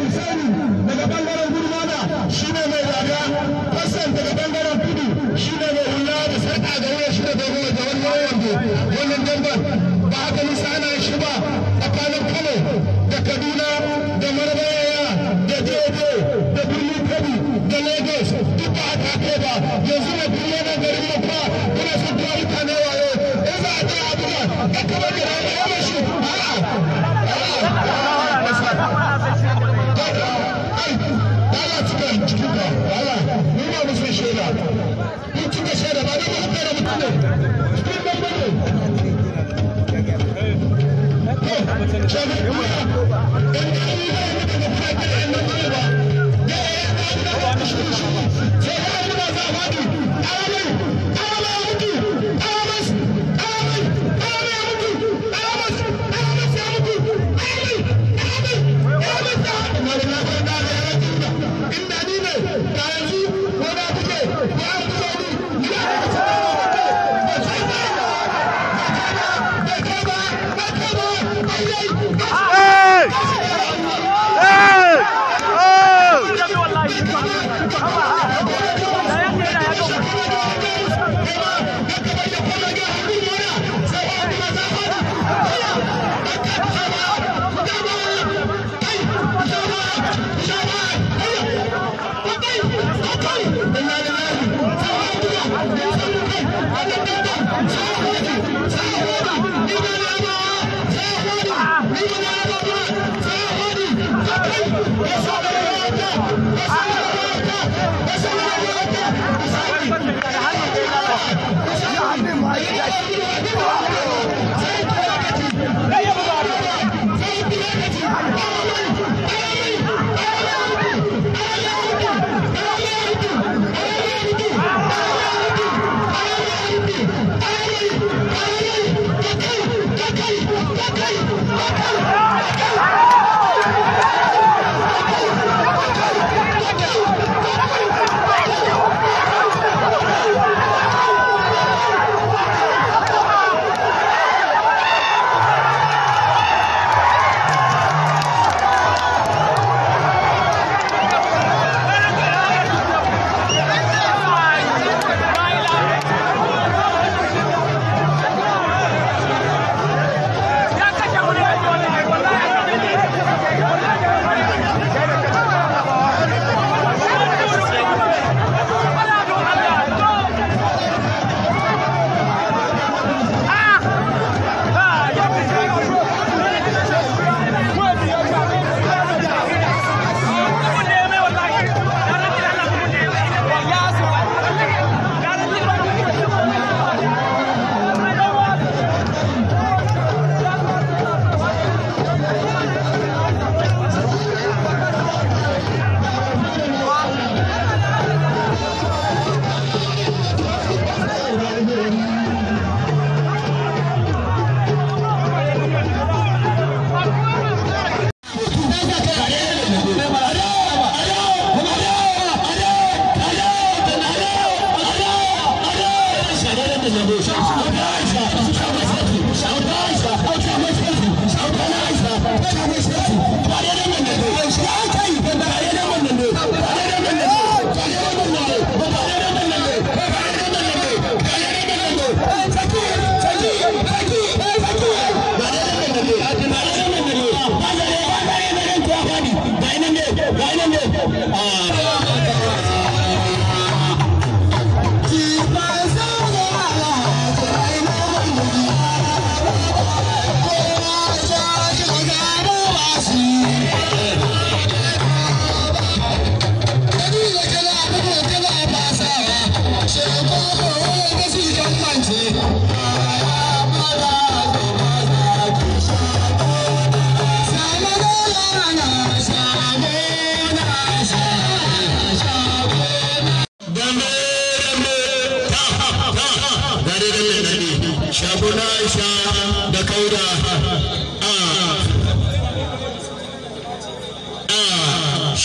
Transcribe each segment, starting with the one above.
Usaini daga bangaren gudumada shi ne mai zaga Hassan daga bangaren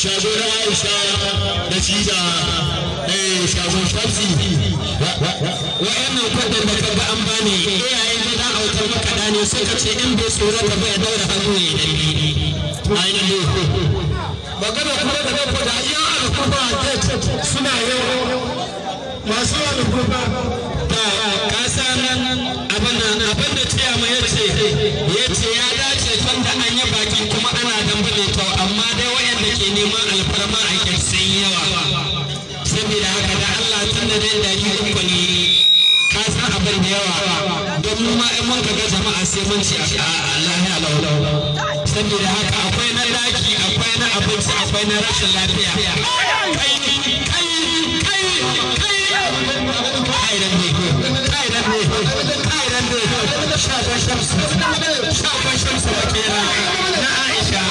shago na aisha da shi da eh, shago shamsi wa'annan kwadar da karba an bani iyayen gida autar makaɗa ne suka ce in bai ka bai daura hannu ya dalili ainihin magana kuma da nan da ayyan alkuba tet suna yau masu alkuba ta kasa nan abana abin da tiya ma yace yace ya dace tun da an yi baki kuma ana dambale to amma dai neman alfarma a kyarsan yawa saboda haka da Allah tun da dai dari uku ka san abin da yawa don mu ma in mun ga jama'a sai mun ci a ya lawo saboda haka akwai na daki akwai na abinci akwai na rashin lafiya kai kai kai kai kai shamsu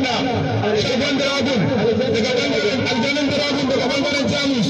daga bangaren daga bangaren aljanin daga bangaren jamus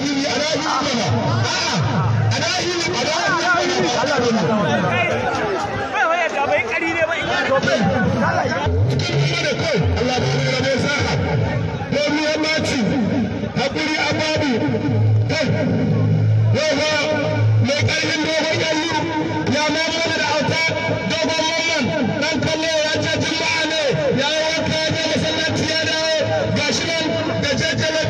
sabili a rahili mana a'a a rahili a rahili mana waya bai ba in ya bai ba mu hakuri ababu mai karfin dogon ya ma auta dogon wannan dan kallo ya ce ne ya yi wanka ya masallaci ya dawo gashi nan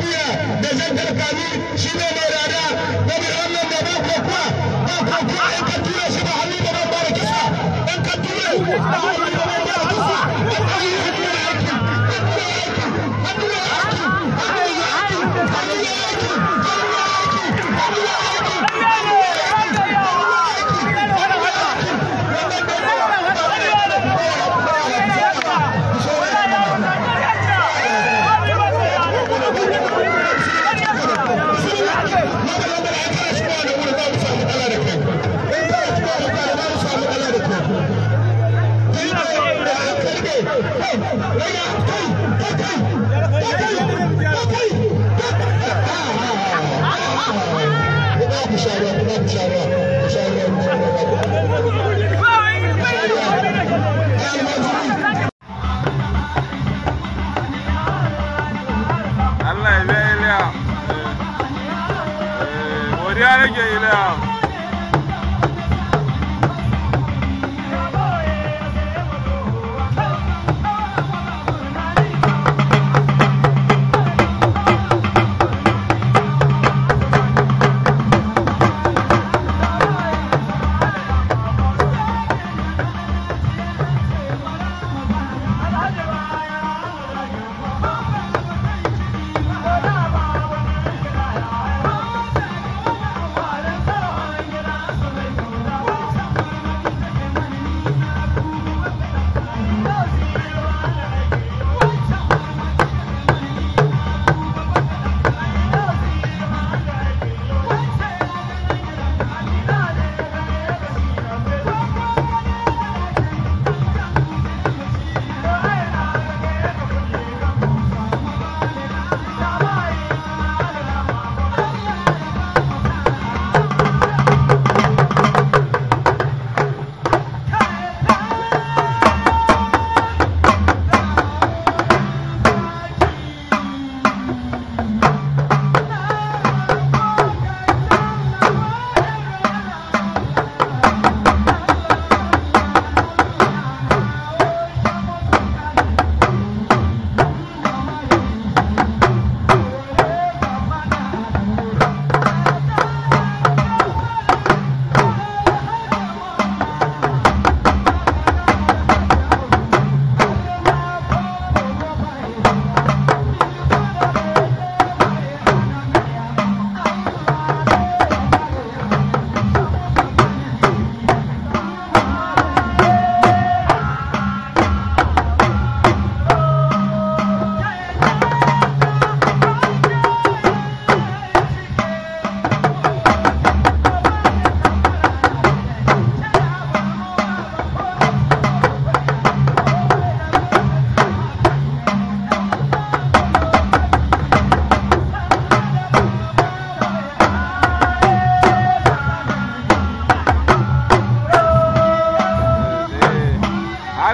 gotta get you down.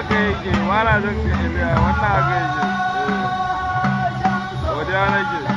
haka yake wala don ka wannan haka ga godiya nake